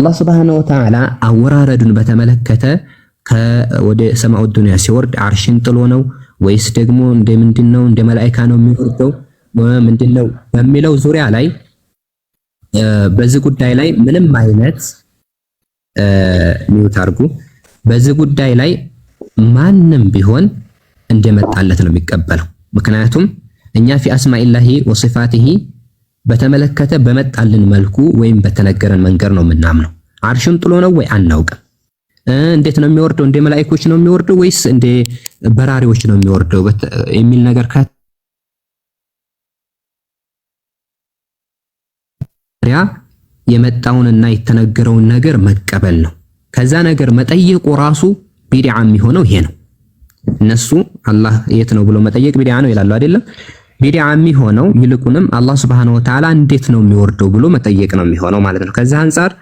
አላህ ስብሐነ ወተዓላ አወራረዱን በተመለከተ ወደ ሰማኡ ዱንያ ሲወርድ አርሽን ጥሎ ነው ወይስ ደግሞ እንደ ምንድን ነው እንደ መላኢካ ነው የሚወርደው ምንድን በሚለው ዙሪያ ላይ በዚህ ጉዳይ ላይ ምንም አይነት ሚውት አድርጉ። በዚህ ጉዳይ ላይ ማንም ቢሆን እንደመጣለት ነው የሚቀበለው። ምክንያቱም እኛ ፊ አስማኢላሂ ወሲፋቲሂ በተመለከተ በመጣልን መልኩ ወይም በተነገረን መንገድ ነው የምናምነው። አርሽን ጥሎ ነው ወይ አናውቅም። እንዴት ነው የሚወርደው? እንደ መላእክቶች ነው የሚወርደው ወይስ እንደ በራሪዎች ነው የሚወርደው የሚል ነገር ከሪያ የመጣውንና የተነገረውን ነገር መቀበል ነው። ከዛ ነገር መጠየቁ ራሱ ቢድዓ የሚሆነው ይሄ ነው። እነሱ አላህ የት ነው ብሎ መጠየቅ ቢድዓ ነው ይላሉ አይደለም? ቢድዓም የሚሆነው ይልቁንም አላህ ሱብሃነሁ ወተዓላ እንዴት ነው የሚወርደው ብሎ መጠየቅ ነው የሚሆነው ማለት ነው። ከዚህ አንጻር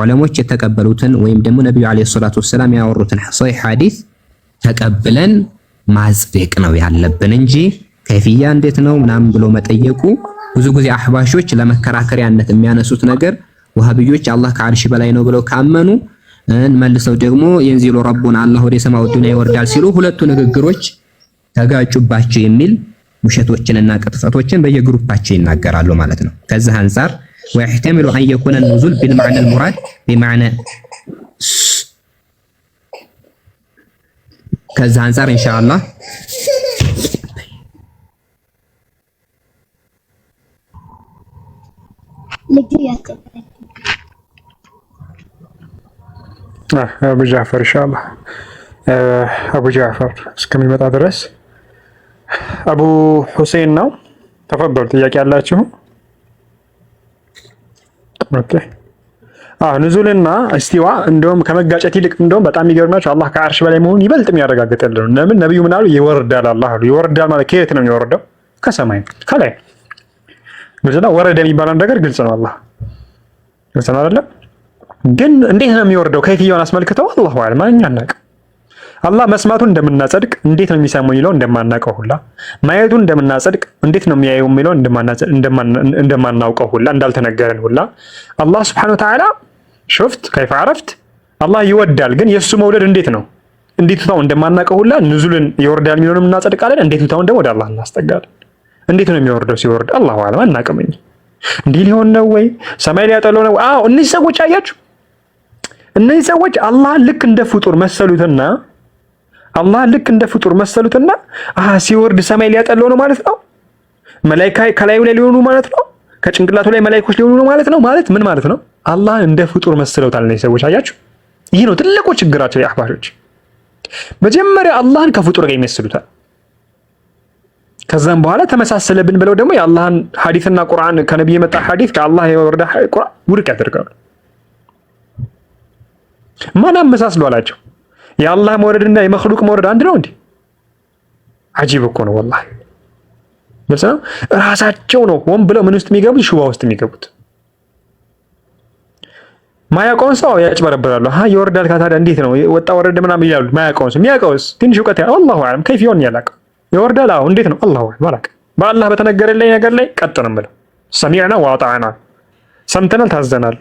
ዑለሞች የተቀበሉትን ወይም ደግሞ ነቢዩ ዓለይሂ ሰላቱ ወሰላም ያወሩትን ሶሒህ ሐዲስ ተቀብለን ማጽደቅ ነው ያለብን እንጂ ከይፍያ እንዴት ነው ምናምን ብሎ መጠየቁ ብዙ ጊዜ አህባሾች ለመከራከሪያነት የሚያነሱት ነገር ወሃብዮች አላህ ከአርሽ በላይ ነው ብለው ካመኑ መልሰው ደግሞ የንዚሉ ረቡን አላህ ወደ ሰማው ዱንያ ይወርዳል ሲሉ ሁለቱ ንግግሮች ተጋጩባቸው የሚል ውሸቶችንና ቅጥፈቶችን በየግሩፓቸው ይናገራሉ ማለት ነው። ከዚህ አንፃር ወይህተሚሉ አን የኩነ ኑዙል ቢልማዕና አልሙራድ ቢማዕና ከዚህ አንፃር ኢንሻአላህ አቡ ጃፈር ኢንሻአላህ አቡ ጃፈር እስከሚመጣ ድረስ አቡ ሁሴን ነው። ተፈበሉ። ጥያቄ አላችሁ ኦኬ። ንዙልና እስቲዋ እንደውም ከመጋጨት ይልቅ እንደውም በጣም የሚገርማቸው አላህ ከአርሽ በላይ መሆኑን ይበልጥ የሚያረጋግጥልን ነው። ለምን ነብዩ ምን ይወርዳል አላህ አሉ። ይወርዳል ማለት ከየት ነው የሚወርደው? ከሰማይ ከላይ። ግልጽና ወረደ የሚባለው ነገር ግልጽ ነው። አላህ ግልጽ ነው አይደለም? ግን እንዴት ነው የሚወርደው? ከየትየውን አስመልክተው አላህ አለ ማንኛ አናውቅም አላህ መስማቱን እንደምናጸድቅ እንዴት ነው የሚሰማው የሚለው እንደማናውቀው ሁላ ማየቱን እንደምናጸድቅ እንዴት ነው የሚያየው የሚለው እንደማናውቀው ሁላ እንዳልተነገረን ሁላ አላህ ስብሐነ ወተዓላ ሾፍት ከይፈ አረፍት አላህ ይወዳል። ግን የእሱ መውለድ እንዴት ነው እንዴት እንዴቱታው እንደማናውቀው ሁላ ንዙልን ይወርዳል የሚለውን እናጸድቃለን። እንዴቱታውን ደግሞ ወደ አላህ እናስጠጋለን። እንዴት ነው የሚወርደው? ሲወርድ አላሁ አዕለም አናውቅም። እንዲህ ሊሆን ነው ወይ ሰማይ ሊያጠለው ነው? አዎ እነዚህ ሰዎች አያችሁ፣ እነዚህ ሰዎች አላህን ልክ እንደ ፍጡር መሰሉትና አላህ ልክ እንደ ፍጡር መሰሉትና ሲወርድ ሰማይ ሊያጠለው ነው ማለት ነው። መላይካ ከላዩ ላይ ሊሆኑ ማለት ነው። ከጭንቅላቱ ላይ መላይኮች ሊሆኑ ነው ማለት ነው። ማለት ምን ማለት ነው? አላህን እንደ ፍጡር መስለውታል ነው ሰዎች። አያችሁ፣ ይህ ነው ትልቁ ችግራቸው የአህባሾች። መጀመሪያ አላህን ከፍጡር ጋር ይመስሉታል። ከዛም በኋላ ተመሳሰለብን ብለው ደግሞ የአላህን ሐዲስና ቁርአን ከነቢይ የመጣ ሐዲስ ከአላህ የወረደ ቁርአን ውድቅ ያደርጋሉ። ማን አመሳስሎ አላቸው? የአላህ መውረድና የመክሉቅ መውረድ አንድ ነው እንዴ? አጂብ እኮ ነው ወላሂ። ግልጽ ነው። ራሳቸው ነው ሆን ብለው ምን ውስጥ የሚገቡት ሹባ ውስጥ የሚገቡት። ማያውቀውን ሰው ያጭበረብራሉ። ሀ ይወርዳል ካታዲያ እንዴት ነው ወጣ ወረደ ምናምን ይላሉ። ማያውቀውን ሰው የሚያውቀውስ ትንሽ እውቀት ያ አላሁ አለም ከይፍ ይሆን ያላቀው ይወርዳል። አዎ እንዴት ነው አላሁ አለም አላውቅም። በአላህ በተነገረልኝ ነገር ላይ ቀጥ ነው የምለው። ሰሚዕና ወአጣዕና ሰምተናል ታዘናል።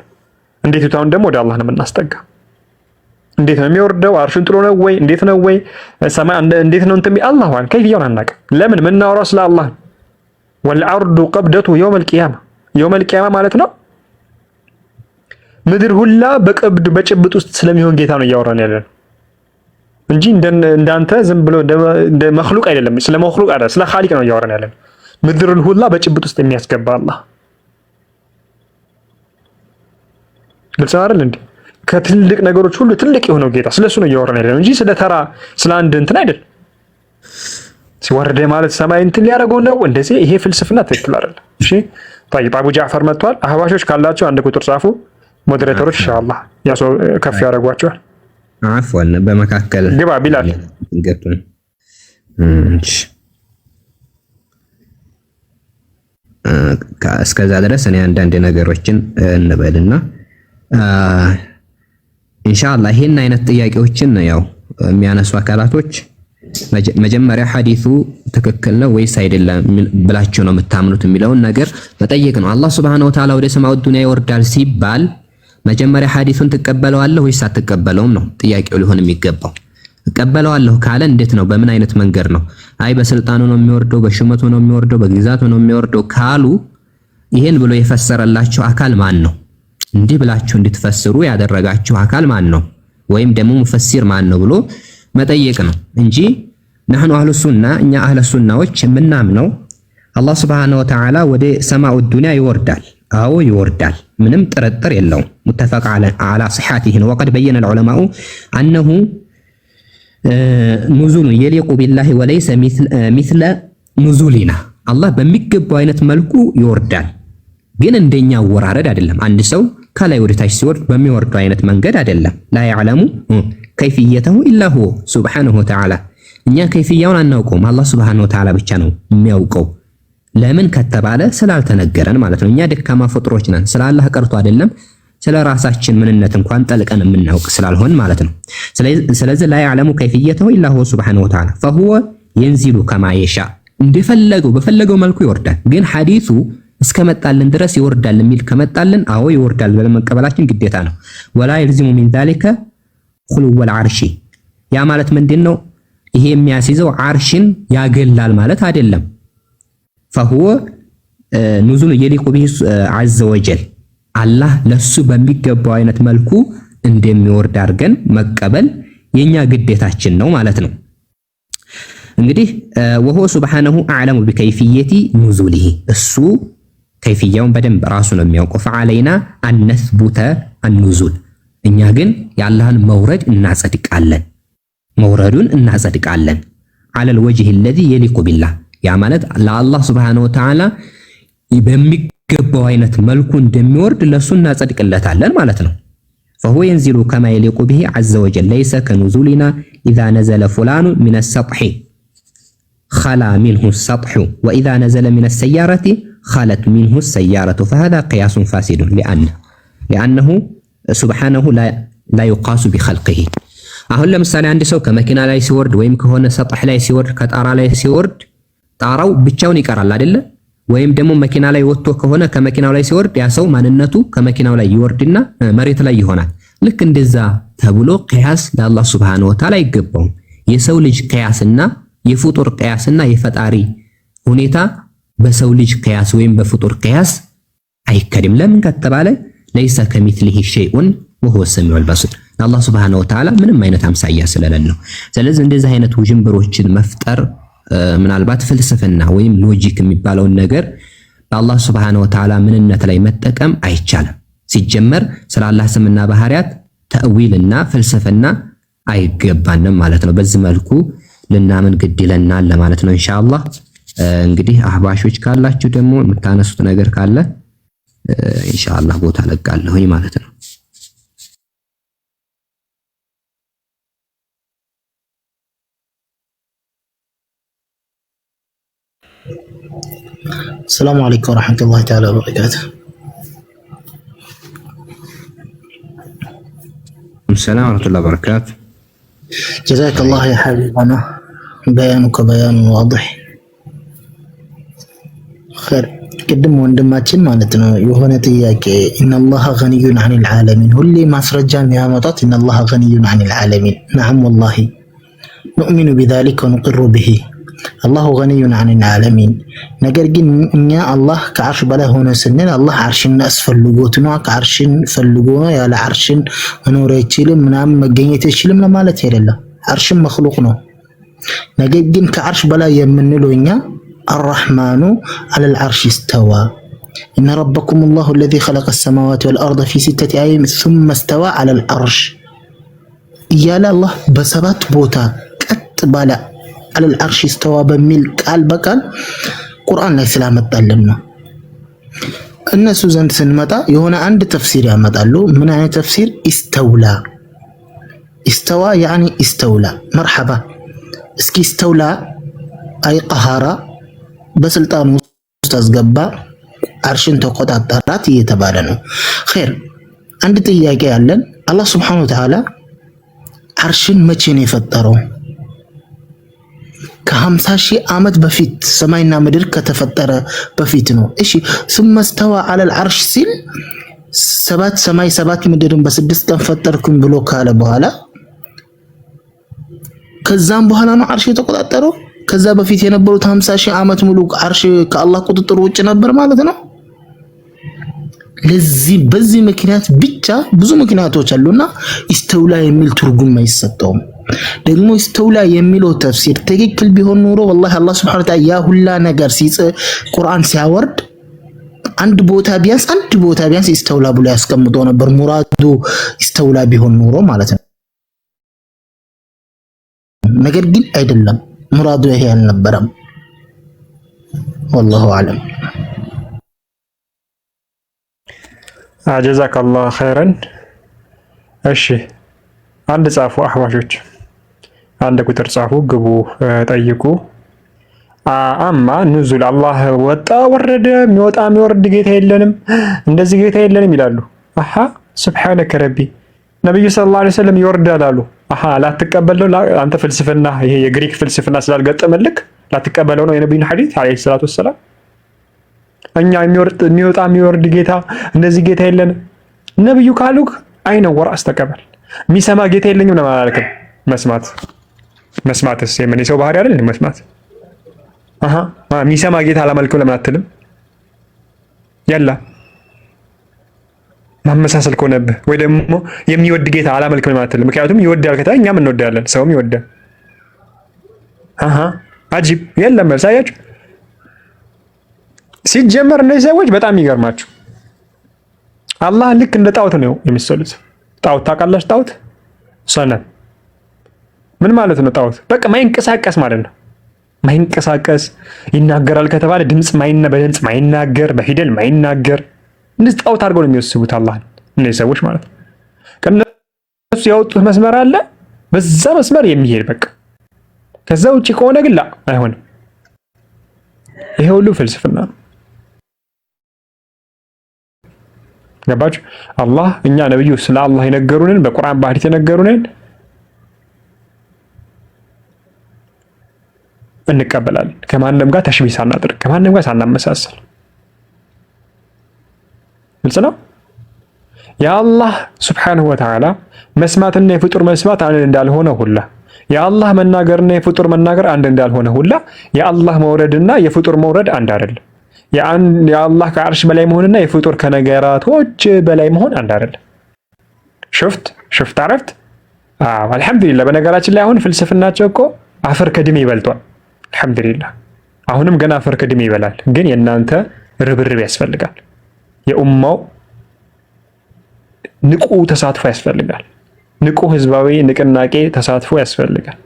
እንዴት ታውን ደግሞ ወደ አላህ ነው የምናስጠጋ እንዴት ነው የሚወርደው? አርሹን ጥሎ ነው ወይ? እንዴት ነው ወይ? ሰማይ እንዴት ነው እንትም አላህ ዋን ከይፍያውን አናውቅም። ለምን የምናወራው ስለ አላህ ወልአርዱ ቀብደቱ የውመል ቂያማ የውመል ቂያማ ማለት ነው ምድር ሁላ በቀብድ በጭብጥ ውስጥ ስለሚሆን ጌታ ነው እያወራን ያለን እንጂ እንዳንተ ዝም ብሎ እንደ መክሉቅ አይደለም። ስለ መክሉቅ አይደለም፣ ስለ ኻሊቅ ነው እያወራን ያለን። ምድርን ሁላ በጭብጥ ውስጥ የሚያስገባ አላህ ግልጽ አይደል እንዴ? ከትልልቅ ነገሮች ሁሉ ትልቅ የሆነው ጌታ ስለሱ ነው እያወራን ያለ እንጂ ስለ ተራ ስለ አንድ እንትን አይደል። ሲወርደ ማለት ሰማይ እንትን ሊያደርገው ነው እንደዚህ። ይሄ ፍልስፍና ትክክል አይደለም። እሺ ጠይብ፣ አቡ ጃዕፈር መጥቷል። አህባሾች ካላቸው አንድ ቁጥር ጻፉ። ሞዴሬተሮች ኢንሻአላህ ያሶ ከፍ ያደርጓቸዋል። አፍዋን በመካከል ግባ ቢላል እስከዛ ድረስ እኔ አንዳንድ ነገሮችን እንበልና ኢንሻአላህ ይሄን አይነት ጥያቄዎችን ያው የሚያነሱ አካላቶች መጀመሪያ ሐዲሱ ትክክል ነው ወይስ አይደለም ብላችሁ ነው የምታምኑት የሚለውን ነገር መጠየቅ ነው። አላህ ሱብሓነሁ ወተዓላ ወደ ሰማው ዱንያ ይወርዳል ሲባል መጀመሪያ ሐዲሱን ትቀበለዋለህ ወይስ አትቀበለውም ነው ጥያቄው ሊሆን የሚገባው። እቀበለዋለሁ ካለ እንዴት ነው? በምን አይነት መንገድ ነው? አይ በስልጣኑ ነው የሚወርደው፣ በሹመቱ ነው የሚወርደው፣ በግዛቱ ነው የሚወርደው ካሉ ይሄን ብሎ የፈሰረላቸው አካል ማን ነው? እንዲህ ብላችሁ እንድትፈስሩ ያደረጋችሁ አካል ማን ነው ወይም ደግሞ ሙፈሲር ማን ነው ብሎ መጠየቅ ነው እንጂ ነህኑ አህሉ ሱና እኛ አህለ ሱናዎች የምናምነው አላህ ሱብሃነ ወተዓላ ወደ ሰማኡ ዱንያ ይወርዳል። አዎ ይወርዳል፣ ምንም ጥርጥር የለውም። ሙተፈቅ ዐላ ሲሐቲህ ነው። ወቀድ በየነ ዑለማኡ አነሁ ኑዙሉን የሊቁ ቢላሂ ወለይሰ ሚስለ ኑዙሊና አላህ በሚገባው አይነት መልኩ ይወርዳል፣ ግን እንደኛ አወራረድ አይደለም። አንድ ሰው ከላይ ወደ ታች ሲወርድ በሚወርደው አይነት መንገድ አይደለም። ላ ያዕለሙ ከይፍየተሁ ኢላ ሁወ ሱብሓነሁ ወተዓላ። እኛ ከይፍያውን አናውቀውም፣ አላህ ሱብሓነሁ ወተዓላ ብቻ ነው የሚያውቀው። ለምን ከተባለ ስላልተነገረን ማለት ነው። እኛ ደካማ ፍጥሮች ነን። ስለ አላህ ቀርቶ አይደለም ስለ ራሳችን ምንነት እንኳን ጠልቀን የምናውቅ ስላልሆን ማለት ነው። ስለዚህ ላ ያዕለሙ ከይፍየተሁ ኢላ ሁወ ሱብሓነሁ ወተዓላ ፈሁወ የንዚሉ ከማ የሻእ እንደፈለገው በፈለገው መልኩ ይወርዳል። ግን ሐዲሱ እስከመጣልን ድረስ ይወርዳል የሚል ከመጣልን አዎ ይወርዳል ብለን መቀበላችን ግዴታ ነው። ወላ ይልዚሙ ሚን ዛሊከ ሁሉወል አርሺ ያ ማለት ምንድን ነው? ይሄ የሚያስይዘው አርሽን ያገላል ማለት አይደለም። ፈሁወ ኑዙል የሊቁ ቢሂ ዐዘ ወጀል አላህ ለሱ በሚገባው አይነት መልኩ እንደሚወርድ አድርገን መቀበል የኛ ግዴታችን ነው ማለት ነው። እንግዲህ ወሆ ሱብሓነሁ አዕለሙ ቢከይፊየቲ ኑዙሊሂ እሱ ከይፍያውን በደንብ ራሱ ነው የሚያውቀው። ፈዓለይና አነስቡተ አኑዙል እኛ ግን የአላህን መውረድ እናጸድቃለን፣ መውረዱን እናጸድቃለን። አለል ወጅህ ለዚ የሊቁ ቢላህ ያ ማለት ለአላህ ስብሓነሁ ወተዓላ በሚገባው አይነት መልኩ እንደሚወርድ ለሱ እናጸድቅለታለን ማለት ነው። ፈሁ የንዚሉ ከማ የሊቁ ብሂ ዐዘ ወጀል ለይሰ ከኑዙሊና ኢዛ ነዘለ ፉላኑ ሚነ ሰጥሒ ኸላ ሚንሁ ሰጥሑ ወኢዛ ነዘለ ሚነ ሰያረቲ ኸለት ሚንሁ ሰያረቱ ፈሃዛ ቅያሱን ፋሲዱን ሊአነሁ ሱብሓነሁ ላ ዩቃሱ አሁን ለምሳሌ አንድ ሰው ከመኪና ላይ ሲወርድ ወይም ከሆነ ሰጠሕ ላይ ሲወርድ ከጣራ ላይ ሲወርድ ጣራው ብቻውን ይቀራል አይደለ? ወይም ደግሞ መኪና ላይ ወጥቶ ከሆነ ከመኪናው ላይ ሲወርድ ያ ሰው ማንነቱ ከመኪናው ላይ ይወርድና መሬት ላይ ይሆናል። ልክ እንደዛ ተብሎ ቅያስ ለአላህ ሱብሓነሁ ወተዓላ አይገባውም። የሰው ልጅ ቅያስና የፍጡር ቅያስና የፈጣሪ ሁኔታ በሰው ልጅ ቅያስ ወይም በፍጡር ቅያስ አይከድም። ለምን ከተባለ ለይሰ ከሚትሊሂ ሸይኡን ወሁወ ሰሚዑል በሲር አላህ ሱብሓነሁ ወተዓላ ምንም አይነት አምሳያ ስለሌለው። ስለዚህ እንደዚህ አይነት ውዥንብሮችን መፍጠር ምናልባት ፍልስፍና ወይም ሎጂክ የሚባለውን ነገር በአላህ ሱብሓነሁ ወተዓላ ምንነት ላይ መጠቀም አይቻልም። ሲጀመር ስለ አላህ ስምና ባህሪያት ተእዊልና ፍልስፍና አይገባንም ማለት ነው። በዚህ መልኩ ልናምን ግድ ይለናል ለማለት ነው ኢንሻአላህ። እንግዲህ አህባሾች ካላችሁ ደግሞ የምታነሱት ነገር ካለ ኢንሻአላህ ቦታ ለቃለሁኝ ማለት ነው። ሰላም አለይኩም ወራህመቱላሂ ተዓላ ወበረካቱ። ሰላም ወራህመቱላሂ ወበረካቱ። ጀዛከላህ ያ ሐቢባና በያኑከ በያን ዋድህ ኸይር ቅድም ወንድማችን ማለት ነው የሆነ ጥያቄ ኢነላሃ ገኒዩን አኒል ዓለሚን ሁሌ ማስረጃ የሚያመጣት ኢነላሃ ገኒዩን አኒል ዓለሚን ነዓም ወላሂ ኑእሚኑ ቢዛሊከ ወኑቅሩ ብሂ አላሁ ገኒዩን አኒል ዓለሚን ነገር ግን እኛ አላህ ከዓርሽ በላይ ሆነ ስንል አላህ ዓርሽን አስፈልጎት ነው ከዓርሽን ፈልጎ ነው ያለ ዓርሽን መኖር አይችልም ምናምን መገኘት አይችልም ለማለት አይደለም ዓርሽን መክሉቅ ነው ነገር ግን ከዓርሽ በላይ የምንለው እኛ الرحمن على العرش استوى إن ربكم الله الذي خلق السماوات والأرض في ستة أيام ثم استوى على العرش يا الله بسبات بوتا قط بالا على العرش استوى بميل قال بقال قرآن لا سلام الطلبنا الناس زند سنمتا يهون عند تفسير يا مدالو من أي تفسير استولى استوى يعني استولى مرحبا اسكي استولى أي قهارة በስልጣን ውስጥ አስገባ፣ አርሽን ተቆጣጠራት እየተባለ ነው። ኸይር አንድ ጥያቄ ያለን አላህ ስብሐነሁ ወተዓላ አርሽን መቼ ነው የፈጠረው? ከሀምሳ ሺህ ዓመት በፊት ሰማይና ምድር ከተፈጠረ በፊት ነው። እሺ ስመስተዋ አለል አርሽ ሲል ሰባት ሰማይ ሰባት ምድርን በስድስት ቀን ፈጠርኩም ብሎ ካለ በኋላ ከዛም በኋላ ነው አርሽ የተቆጣጠረው። ከዛ በፊት የነበሩት 50 ሺህ ዓመት ሙሉ አርሽ ከአላህ ቁጥጥር ውጭ ነበር ማለት ነው። ለዚህ በዚህ ምክንያት ብቻ ብዙ ምክንያቶች አሉና ኢስተውላ የሚል ትርጉም አይሰጠውም። ደግሞ ኢስተውላ የሚለው ተፍሲር ትክክል ቢሆን ኑሮ ወላሂ አላህ ሱብሓነሁ ወተዓላ ያ ሁላ ነገር ቁርአን ሲያወርድ አንድ ቦታ ቢያንስ አንድ ቦታ ቢያንስ ኢስተውላ ብሎ ያስቀምጦ ነበር። ሙራዱ ኢስተውላ ቢሆን ኑሮ ማለት ነው። ነገር ግን አይደለም። ሙራዱ ይሄ አልነበረም። ወላሁ አለም። አጀዛከ አላህ ኸይረን። እሺ አንድ ጻፉ አህባሾች፣ አንድ ቁጥር ጻፉ፣ ግቡ፣ ጠይቁ። አማ ንዙል አላህ ወጣ ወረደ፣ የሚወጣ የሚወርድ ጌታ የለንም፣ እንደዚህ ጌታ የለንም ይላሉ። አሀ ሱብሓነከ ረቢ ነቢዩ ሰለላሁ ዐለይሂ ወሰለም ይወርዳል አሉ። አሀ ላትቀበል ነው አንተ ፍልስፍና ይሄ የግሪክ ፍልስፍና ስላልገጠመልክ ላትቀበለው ነው የነቢዩን ሐዲስ ዓለይሂ ሰላቱ ወሰላም። እኛ የሚወጣ የሚወርድ ጌታ እንደዚህ ጌታ የለን ነብዩ ካሉክ አይነው ወራስ አስተቀበል የሚሰማ ጌታ የለኝም ነው ማለትም መስማት መስማትስ የምን የሰው ባህሪ አይደል? መስማት አሃ የሚሰማ ጌታ አላመልክም ለምን አትልም? የለም ማመሳሰል ከሆነብህ ወይ ደግሞ የሚወድ ጌታ አላመልክም አትልም። ምክንያቱም ይወዳል ከታ እኛም እንወዳለን፣ ሰውም ይወዳል። አጂብ የለም መልስ። ሲጀመር እነዚህ ሰዎች በጣም ይገርማችሁ። አላህ ልክ እንደ ጣውት ነው የሚሰሉት። ጣውት ታውቃላችሁ? ጣውት ሰነም ምን ማለት ነው? ጣውት በቃ ማይንቀሳቀስ ማለት ነው። ማይንቀሳቀስ ይናገራል ከተባለ ድምፅ በድምፅ ማይናገር፣ በፊደል ማይናገር እንደዚህ ጣዖት አድርገው ነው የሚወስቡት አላህን እነዚህ ሰዎች ማለት ነው። ያወጡት መስመር አለ፣ በዛ መስመር የሚሄድ በቃ ከዛ ውጭ ከሆነ ግላ አይሆንም። ይሄ ሁሉ ፍልስፍና ነው። ገባችሁ? አላህ እኛ ነብዩ ስለ አላህ የነገሩንን በቁርአን በሐዲስ የነገሩንን እንቀበላለን። ከማንም ጋር ተሽቢ ሳናጥር፣ ከማንም ጋር ሳናመሳሰል ግልጽ ነው። የአላህ ስብሓንሁ ወተዓላ መስማትና የፍጡር መስማት አንድ እንዳልሆነ ሁላ የአላህ መናገርና የፍጡር መናገር አንድ እንዳልሆነ ሁላ የአላህ መውረድና የፍጡር መውረድ አንድ አይደለም። የአላህ ከዓርሽ በላይ መሆንና የፍጡር ከነገራቶች በላይ መሆን አንድ አይደለም። ሽፍት ሽፍት አረፍት አልሐምዱሊላ። በነገራችን ላይ አሁን ፍልስፍናቸው እኮ አፈር ከድሜ ይበልጧል። አልሐምዱሊላ አሁንም ገና አፈር ከድሜ ይበላል፣ ግን የእናንተ ርብርብ ያስፈልጋል። የኡማው ንቁ ተሳትፎ ያስፈልጋል። ንቁ ህዝባዊ ንቅናቄ ተሳትፎ ያስፈልጋል።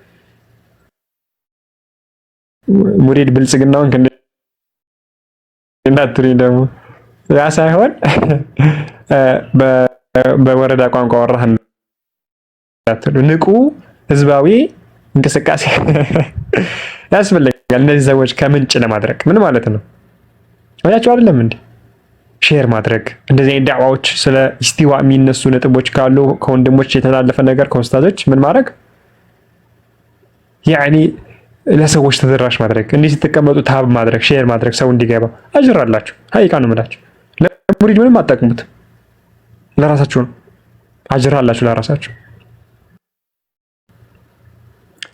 ሙሪድ ብልጽግናውን እንዳትሉኝ ደግሞ ያ ሳይሆን በወረዳ ቋንቋ ወራህ እንዳትሉ ንቁ ህዝባዊ እንቅስቃሴ ያስፈልጋል። እነዚህ ሰዎች ከምንጭ ለማድረግ ምን ማለት ነው? አያቸው አይደለም እንዴ? ሼር ማድረግ እንደዚህ አይነት ዳዕዋዎች ስለ ኢስቲዋ የሚነሱ ነጥቦች ካሉ ከወንድሞች የተላለፈ ነገር ከውስታዞች ምን ማድረግ ያኒ ለሰዎች ተደራሽ ማድረግ እንዲህ ስትቀመጡ ታብ ማድረግ ሼር ማድረግ ሰው እንዲገባ አጅር አላችሁ። ሀቂቃ ነው ምላችሁ ለሙሪድ ምንም አጠቅሙት፣ ለራሳችሁ ነው አጅር አላችሁ። ለራሳችሁ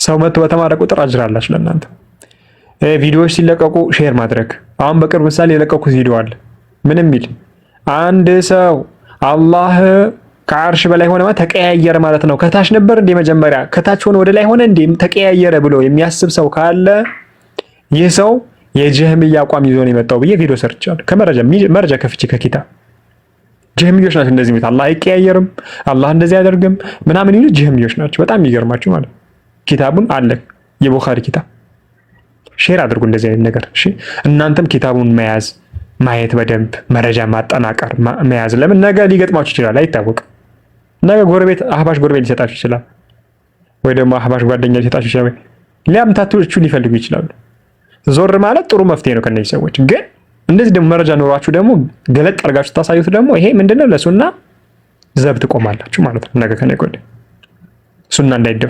ሰው መጥቶ በተማረ ቁጥር አጅር አላችሁ ለእናንተ። ቪዲዮዎች ሲለቀቁ ሼር ማድረግ አሁን በቅርብ ምሳሌ የለቀኩት ቪዲዮ አለ ምን የሚል አንድ ሰው አላህ ከአርሽ በላይ ሆነ ማለት ተቀያየረ ማለት ነው። ከታች ነበር እንዴ መጀመሪያ ከታች ሆነ ወደ ላይ ሆነ እንዴ ተቀያየረ ብሎ የሚያስብ ሰው ካለ ይህ ሰው የጀህምያ አቋም ይዞ ነው የመጣው ብዬ ቪዲዮ ሰርቻለሁ። ከመረጃ መረጃ ከፍቼ ከኪታብ ጀህሚዮች ናቸው እንደዚህ የሚሉት አላህ አይቀያየርም፣ አላህ እንደዚህ አያደርግም ምናምን ይሉ ጀህሚዮች ናቸው። በጣም የሚገርማችሁ ማለት ኪታቡን አለ የቡኻሪ ኪታብ ሼር አድርጉ እንደዚህ አይነት ነገር እሺ። እናንተም ኪታቡን መያዝ ማየት በደንብ መረጃ ማጠናቀር መያዝ። ለምን ነገ ሊገጥማችሁ ይችላል፣ አይታወቅም። ነገ ጎረቤት አህባሽ ጎረቤት ሊሰጣችሁ ይችላል፣ ወይ ደግሞ አህባሽ ጓደኛ ሊሰጣችሁ ይችላል። ሊያምታታችሁ ሊፈልጉ ይችላሉ። ዞር ማለት ጥሩ መፍትሄ ነው ከነዚህ ሰዎች። ግን እንደዚህ ደግሞ መረጃ ኖሯችሁ ደግሞ ገለጥ አድርጋችሁ ታሳዩት ደግሞ ይሄ ምንድነው ለሱና ዘብ ትቆማላችሁ ማለት ነው። ነገ ከነገ ወዲያ ሱና እንዳይደፈ